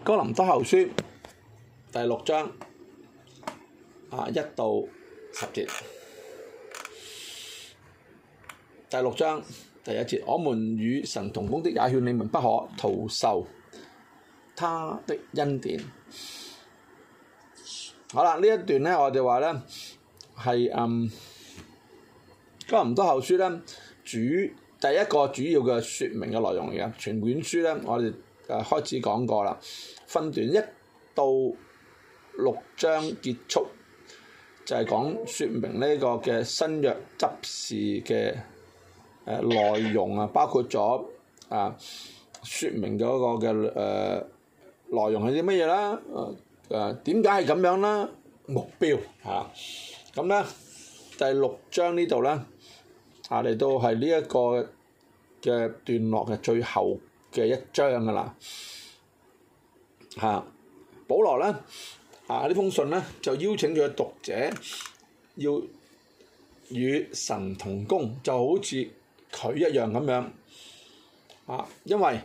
《哥林多後書》第六章啊，一到十節。第六章第一節，我們與神同工的，也勸你們不可徒受他的恩典。好啦，呢一段呢，我哋話呢係嗯《哥、um, 林多後書》呢，主第一個主要嘅説明嘅內容嚟嘅，全本書呢，我哋。誒開始講過啦，分段一到六章結束，就係講説明呢個嘅新約執事嘅誒內容啊，包括咗啊説明嗰個嘅誒內容係啲乜嘢啦，誒點解係咁樣啦，目標嚇，咁咧第六章呢度咧嚇嚟到係呢一個嘅段落嘅最後。嘅一章㗎喇，嚇，保羅呢，啊呢封信呢就邀請佢嘅讀者要與神同工，就好似佢一樣咁樣，啊，因為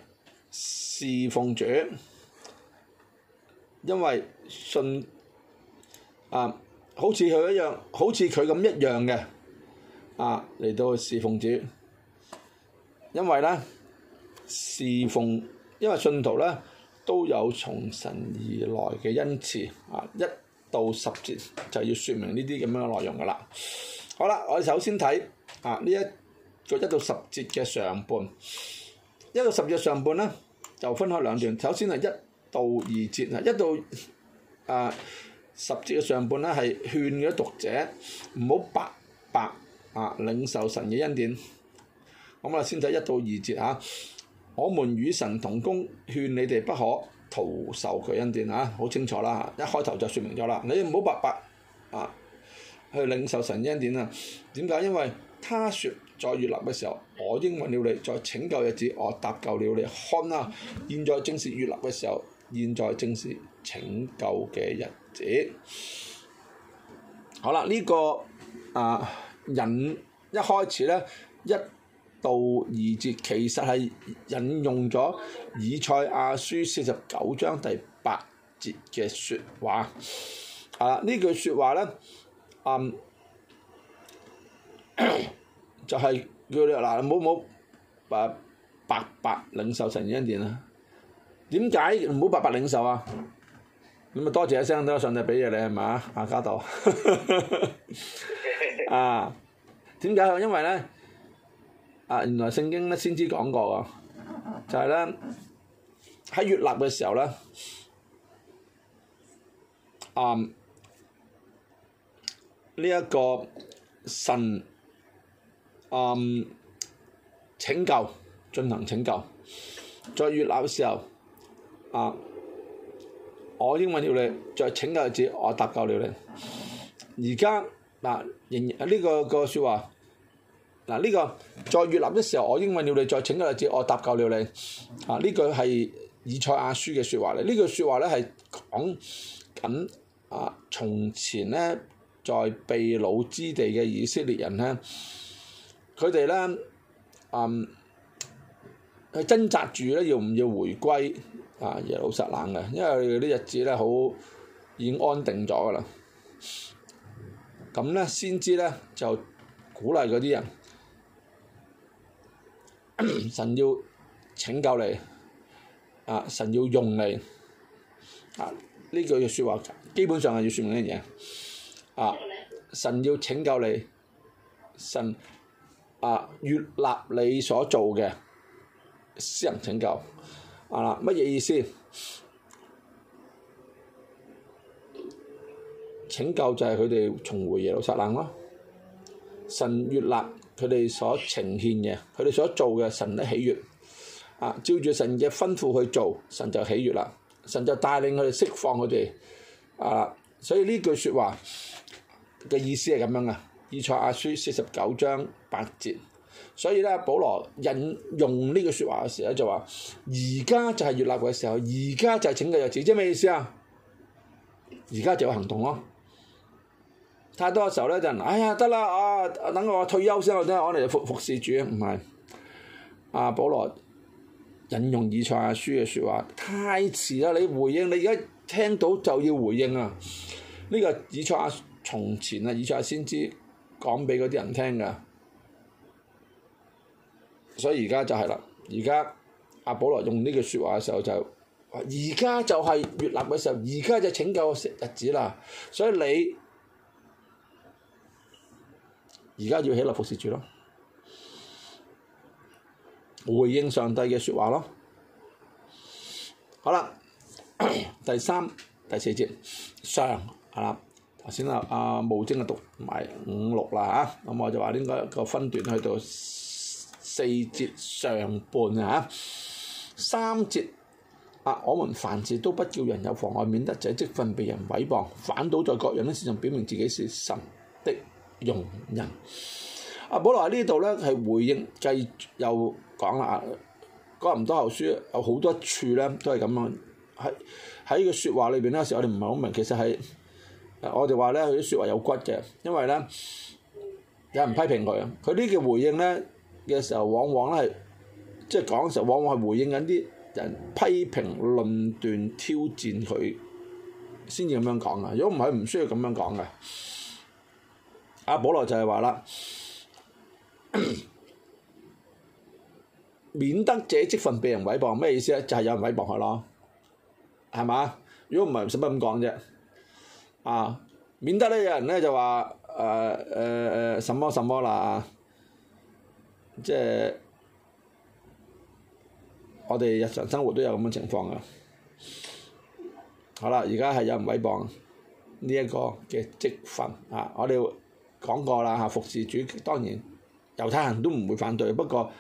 侍奉主，因為信，啊，好似佢一樣，好似佢咁一樣嘅，啊嚟到侍奉主，因為呢。侍奉，因為信徒咧都有從神而來嘅恩賜啊！一到十節就要説明呢啲咁樣嘅內容㗎啦。好啦，我哋首先睇啊呢一、這個一到十節嘅上半，一到十節嘅上半咧就分開兩段。首先係一到二節啊，一到啊十節嘅上半咧係勸咗讀者唔好白白啊領受神嘅恩典。咁啊，先睇一到二節啊。我們與神同工，勸你哋不可徒受佢恩典啊！好清楚啦，一開頭就説明咗啦，你唔好白白、啊、去領受神恩典啊！點解？因為他説在悅納嘅時候，我應允了你；在拯救日子，我搭救了你。看啊，現在正是悅納嘅時候，現在正是拯救嘅日子。好啦，呢、這個啊人一開始咧一。道二節其實係引用咗以賽亞書四十九章第八節嘅説話，啊句話呢句説話咧，嗯， 就係、是、叫你嗱，唔好唔好白白白領受神恩典啊，點解唔好白白領受啊？咁啊多謝一聲，多謝上帝俾嘢你係咪啊？阿加道， 啊點解？因為咧。啊！原來聖經咧先知講過啊，就係咧喺悅納嘅時候咧，啊呢一個神啊、嗯、拯救進行拯救，在悅納嘅時候啊、嗯，我應允了你，在拯救嘅字我搭救了你。而家嗱，仍、這、呢個、這個説話。嗱呢、這個在越南嘅時候，我應允了你，再請個例子，我搭救了你。啊，呢句係以賽亞書嘅説話嚟，呢句説話咧係講緊啊，從前咧在被擄之地嘅以色列人咧，佢哋咧，嗯，去掙扎住咧要唔要回歸，啊，耶路撒冷嘅，因為嗰啲日子咧好已經安定咗㗎啦。咁、啊、咧先知咧就鼓勵嗰啲人。神要拯救你，啊！神要用你，啊！呢句嘅説話基本上係要説明呢樣嘢，啊！神要拯救你，神啊，越立你所做嘅，私人拯救，啊啦乜嘢意思？拯救就係佢哋重回耶路撒冷咯，神越立。佢哋所呈獻嘅，佢哋所做嘅，神都喜悅。啊，照住神嘅吩咐去做，神就喜悅啦。神就帶領佢哋釋放佢哋。啊，所以呢句説話嘅意思係咁樣啊，《以賽亞書》四十九章八節。所以咧，保羅引用呢句説話嘅時候咧，就話：而家就係悅納嘅時候，而家就係拯救日子，即係咩意思啊？而家就有行動咯。太多嘅時候咧，就係，哎呀，得啦，啊，等我退休先，啊啊、我真係可就服服侍主，唔係。阿、啊、保羅引用以賽亞書嘅説話，太遲啦！你回應，你而家聽到就要回應啊！呢、呢個以賽亞從前啊，以賽亞先知講俾嗰啲人聽噶。所以而家就係啦，而家阿保羅用呢句説話嘅時候就，而家就係悅納嘅時候，而家就，就拯救日子啦。所以你。而家要起立服侍住咯，回應上帝嘅説話咯。好啦， 第三、第四節上，啊，頭先啊啊，無精啊讀埋五六啦嚇，咁、啊、我就話呢個個分段去到四節上半啊，三節啊，我們凡事都不叫人有妨礙，免得這職分被人毀謗，反倒在各樣的事情表明自己是神的。容人阿保、啊、羅呢度咧係回應繼續，繼又講啦。《哥林多後書》有好多處咧都係咁樣，喺喺佢説話裏邊咧，有時我哋唔係好明，其實係、啊，我哋話咧佢啲説話有骨嘅，因為咧有人批評佢，佢呢個回應咧嘅時候往往咧係即係講嘅時候，往往係回應緊啲人批評、論斷、挑戰佢，先至咁樣講嘅。如果唔係，唔需要咁樣講嘅。阿、啊、保羅就係話啦，免得這職分被人毀謗，咩意思咧？就係、是、有人毀謗佢咯，係嘛？如果唔係，使乜咁講啫？啊，免得咧有人咧就話、是，誒誒誒，什麼什麼啦，啊、即係我哋日常生活都有咁嘅情況噶。好、啊、啦，而家係有人毀謗呢一個嘅職分，啊，我哋。講過啦嚇，服侍主當然猶太人都唔會反對，不過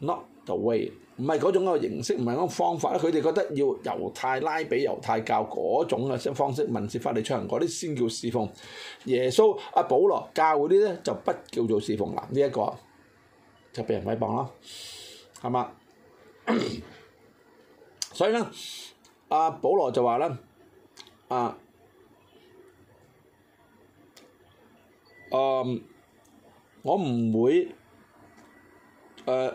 not the way，唔係嗰種個形式，唔係嗰種方法啦。佢哋覺得要猶太拉比、猶太教嗰種嘅方式，問接翻你出嚟嗰啲先叫侍奉耶穌。阿保羅教嗰啲咧，就不叫做侍奉啦。呢一個就俾人毀謗咯，係嘛？所以咧，阿保羅就話咧，啊。誒，我唔會誒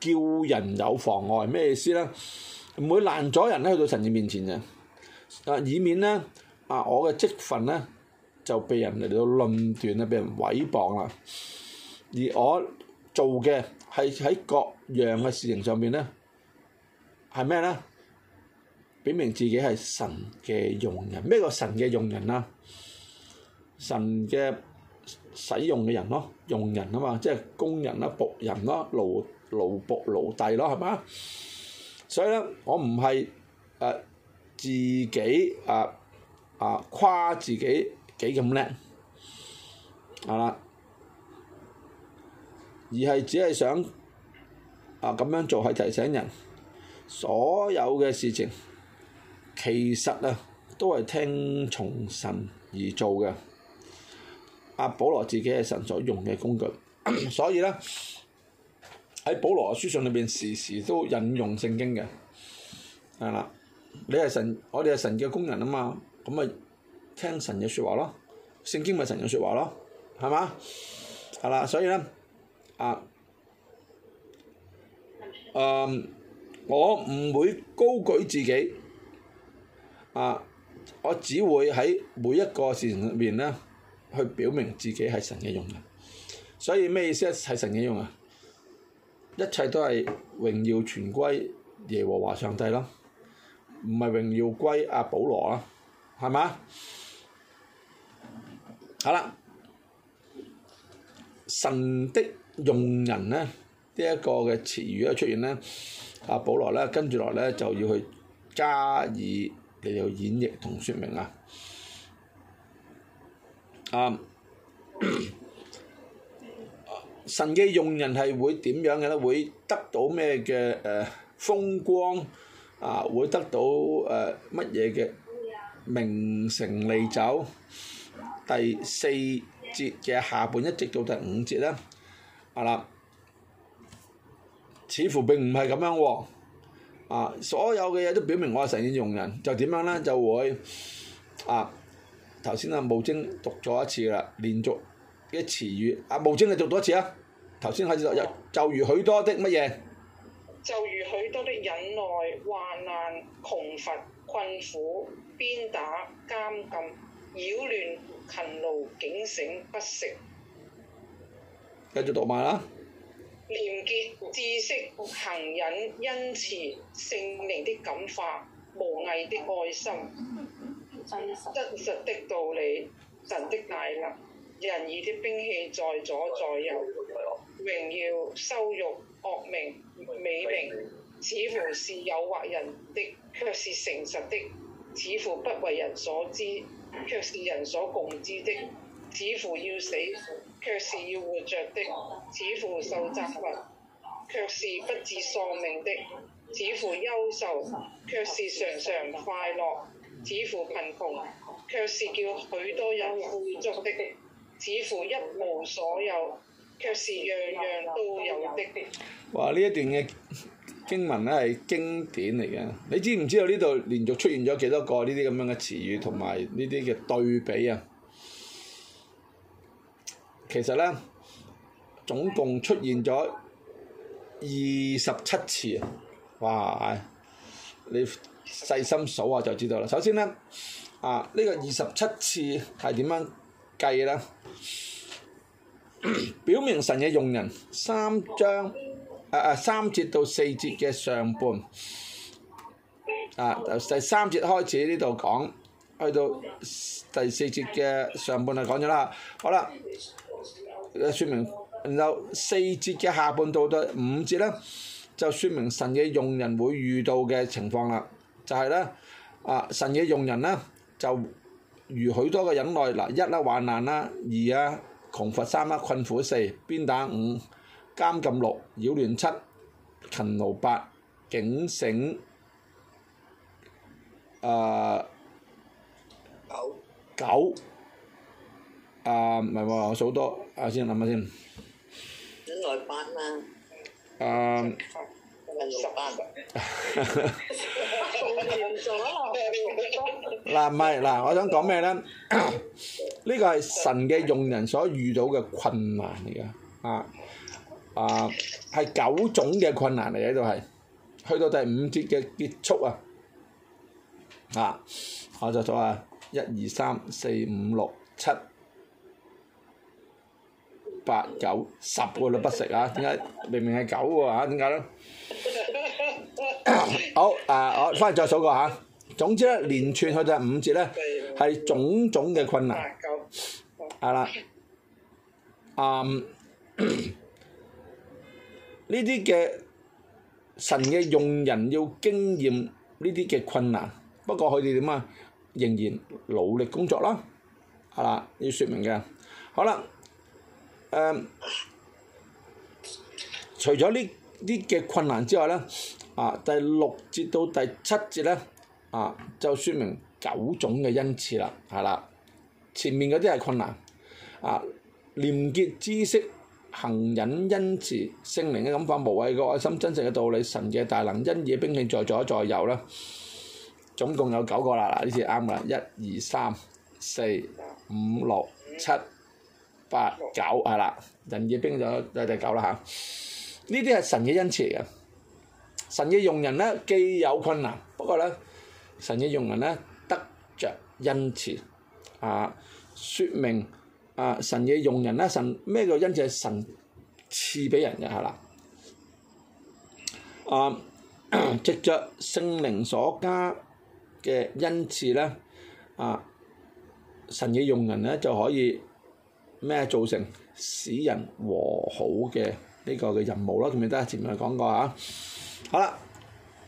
叫人有妨礙咩意思咧？唔會攔阻人咧去到神嘅面前嘅，誒以免咧啊我嘅職份咧就被人嚟到論斷啊，被人毀謗啦。而我做嘅係喺各樣嘅事情上面咧，係咩咧？表明自己係神嘅用人，咩叫神嘅用人啊？神嘅使用嘅人咯，用人啊嘛，即係工人啦、僕人咯、奴奴僕奴婢咯，係咪啊？所以咧，我唔係誒自己誒誒誇自己幾咁叻，係啦，而係只係想啊咁樣做，係提醒人所有嘅事情，其實啊都係聽從神而做嘅。啊！保羅自己係神所用嘅工具，所以咧，喺保羅嘅書信裏邊時時都引用聖經嘅，係啦。你係神，我哋係神嘅工人啊嘛，咁咪聽神嘅説話咯。聖經咪神嘅説話咯，係嘛？係啦，所以咧啊，誒，我唔會高舉自己啊，我只會喺每一個事情入面咧。去表明自己係神嘅用人，所以咩意思啊？係神嘅用啊！一切都係榮耀全歸耶和華上帝咯，唔係榮耀歸阿保羅咯，係嘛？好啦，神的用人咧，呢一個嘅詞語一出現咧，阿保羅咧跟住落嚟咧就要去加以嚟去演繹同説明啦！啊！神嘅用人係會點樣嘅咧？會得到咩嘅誒風光啊？會得到誒乜嘢嘅名成利就？第四節嘅下半一直到第五節咧，係啦，似乎並唔係咁樣喎。啊！所有嘅嘢都表明我係神嘅用人，就點樣咧？就會啊！頭先啊，慕貞讀咗一次啦，連續嘅詞語。阿慕貞你讀多一次啊！頭先開始讀就如許多的乜嘢？就吧如許多的忍耐、患難、窮乏、困苦、鞭打、監禁、擾亂、勤勞、警醒、不食。繼續讀埋啦。廉潔、知識、行忍、恩慈、聖靈的感化、無偽的愛心。真實的道理，神的大能，仁義的兵器在左在右，榮耀、羞辱、惡名、美名，似乎是誘惑人的，卻是誠實的；似乎不為人所知，卻是人所共知的；似乎要死，卻是要活着的；似乎受責罰，卻是不致喪命的；似乎憂愁，卻是常常快樂。似乎貧窮，卻是叫許多人富足的；似乎一無所有，卻是樣樣都有的。哇！呢一段嘅經文咧，係經典嚟嘅。你知唔知道呢度連續出現咗幾多個呢啲咁樣嘅詞語同埋呢啲嘅對比啊？其實咧，總共出現咗二十七次啊。哇！你～細心數下就知道啦。首先咧，啊呢個二十七次係點樣計咧？表明神嘅用人三章，啊啊三節到四節嘅上半，啊由第三節開始呢度講，去到第四節嘅上半就講咗啦。好啦，嘅説明，然後四節嘅下半到到五節咧，就説明神嘅用人會遇到嘅情況啦。就係咧，啊神嘅用人咧，就如許多嘅忍耐嗱，一啊患難啦，二啊窮乏三啦困苦四，鞭打五，監禁六，擾亂七，勤勞八，警醒，誒九九，啊唔係喎，我數多，睇下先，諗下先。忍耐八啦。啊。十蚊，做完咗咯。嗱唔係，嗱我想講咩咧？呢個係神嘅用人所遇到嘅困難嚟噶，啊啊係九種嘅困難嚟嘅，喺度係，去到第五節嘅結束啊，啊我就做啊，一二三四五六七。八九十個都不食啊？點解？明明係九喎嚇？點解咧？好，誒，我翻去再數過吓。總之咧，連串佢就係五節咧，係種種嘅困難。八九，係啦。嗯，呢啲嘅神嘅用人要經驗呢啲嘅困難。不過佢哋點啊？仍然努力工作啦。係啦，要説明嘅。好啦。Uh, 除咗呢啲嘅困難之外咧，啊，第六節到第七節咧，啊，就説明九種嘅恩賜啦，係啦，前面嗰啲係困難，啊，廉潔知識、恆忍恩慈、聖靈嘅感化、無偽嘅愛心、真實嘅道理、神嘅大能、仁義嘅兵器在左在右啦，總共有九個啦，呢次啱啦，一二三四五六七。八九係啦，人嘅兵就就第九啦哈。呢啲係神嘅恩賜嚟嘅，神嘅用人咧，既有困難，不過咧神嘅用人咧得着恩賜啊，說明啊神嘅用人咧神咩叫恩賜係神賜俾人嘅係啦啊，藉着聖靈所加嘅恩賜咧啊，神嘅用人咧就可以。咩造成使人和好嘅呢個嘅任務咯，記唔記得啊？前面講過嚇，好啦，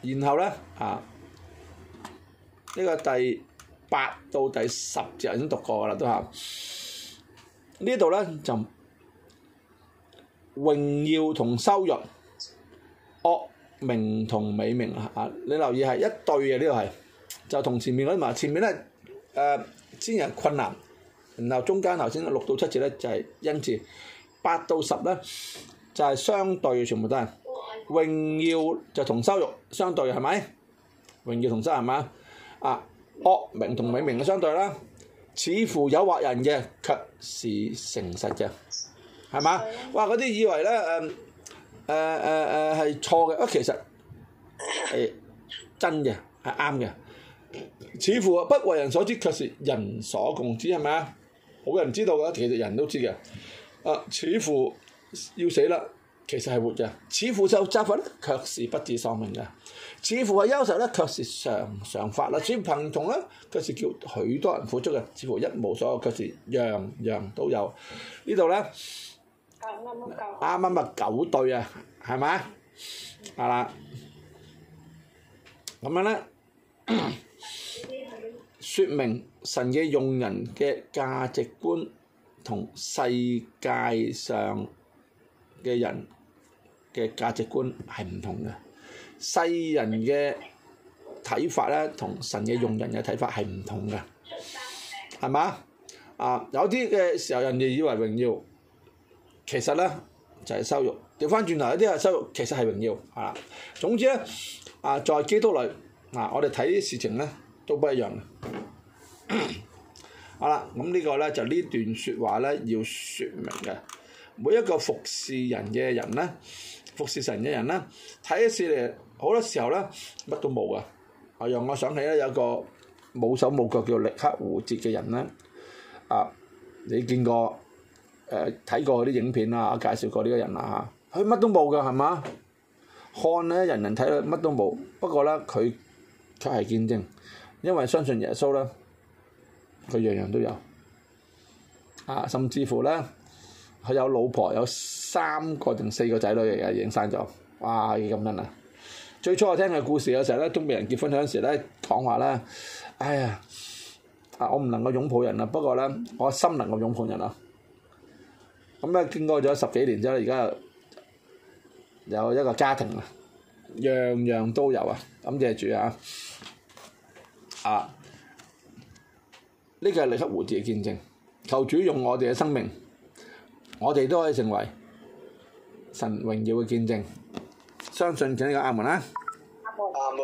然後咧啊，呢個第八到第十節已經讀過噶啦，都嚇。呢度咧就榮耀同羞辱，惡名同美名啊！你留意係一對嘅呢個係，就同前面嗰啲嘛。前面咧誒，先係困難。然後中間頭先六到七節咧就係恩字，八到十咧就係相對，全部都係榮耀，就同羞辱相對係咪？榮耀同羞辱係嘛？啊，惡名同美名嘅相對啦，似乎誘惑人嘅卻是誠實嘅，係嘛？哇！嗰啲以為咧誒誒誒誒係錯嘅，啊，其實係真嘅，係啱嘅，似乎不為人所知，卻是人所共知係咪啊？好人知道噶，其實人都知嘅。誒、啊，似乎要死啦，其實係活嘅。似乎受責罰咧，卻是不至喪命嘅。似乎係憂愁咧，卻是常常發啦。似乎貧窮咧，卻是叫許多人富足，嘅。似乎一無所有，卻是樣樣都有。呢度咧，啱啱啊，咪、嗯嗯嗯、九對啊，係咪啊啦？咁樣咧。 説明神嘅用人嘅價值觀同世界上嘅人嘅價值觀係唔同嘅，世人嘅睇法咧同神嘅用人嘅睇法係唔同嘅，係嘛？啊，有啲嘅時候人哋以為榮耀，其實咧就係羞辱。調翻轉頭，有啲係羞辱，其實係榮耀，係啦。總之咧，啊，在基督裏啊，我哋睇啲事情咧。都不一樣。 好啦，咁呢個咧就段說呢段説話咧要説明嘅。每一個服侍人嘅人咧，服侍神嘅人咧，睇一次嚟好多時候咧，乜都冇嘅。啊，讓我想起咧有個冇手冇腳叫力克胡哲嘅人咧。啊，你見過誒睇、呃、過啲影片啊，介紹過呢個人啊嚇，佢、啊、乜都冇嘅係嘛？看咧，人人睇到乜都冇。不過咧，佢卻係見證。因為相信耶穌咧，佢樣樣都有，啊，甚至乎咧，佢有老婆，有三個定四個仔女嚟嘅，已經生咗，哇，咁樣啊！最初我聽佢故事嘅時候咧，中年人結婚嗰陣時咧，講話咧，哎呀，啊，我唔能夠擁抱人啦，不過咧，我心能夠擁抱人啊。咁咧，經過咗十幾年之後，而家有一個家庭啊，樣樣都有啊，感謝主啊！啊！呢、這個係力克胡哲嘅見證，求主用我哋嘅生命，我哋都可以成為神榮耀嘅見證，相信請呢個阿門啦。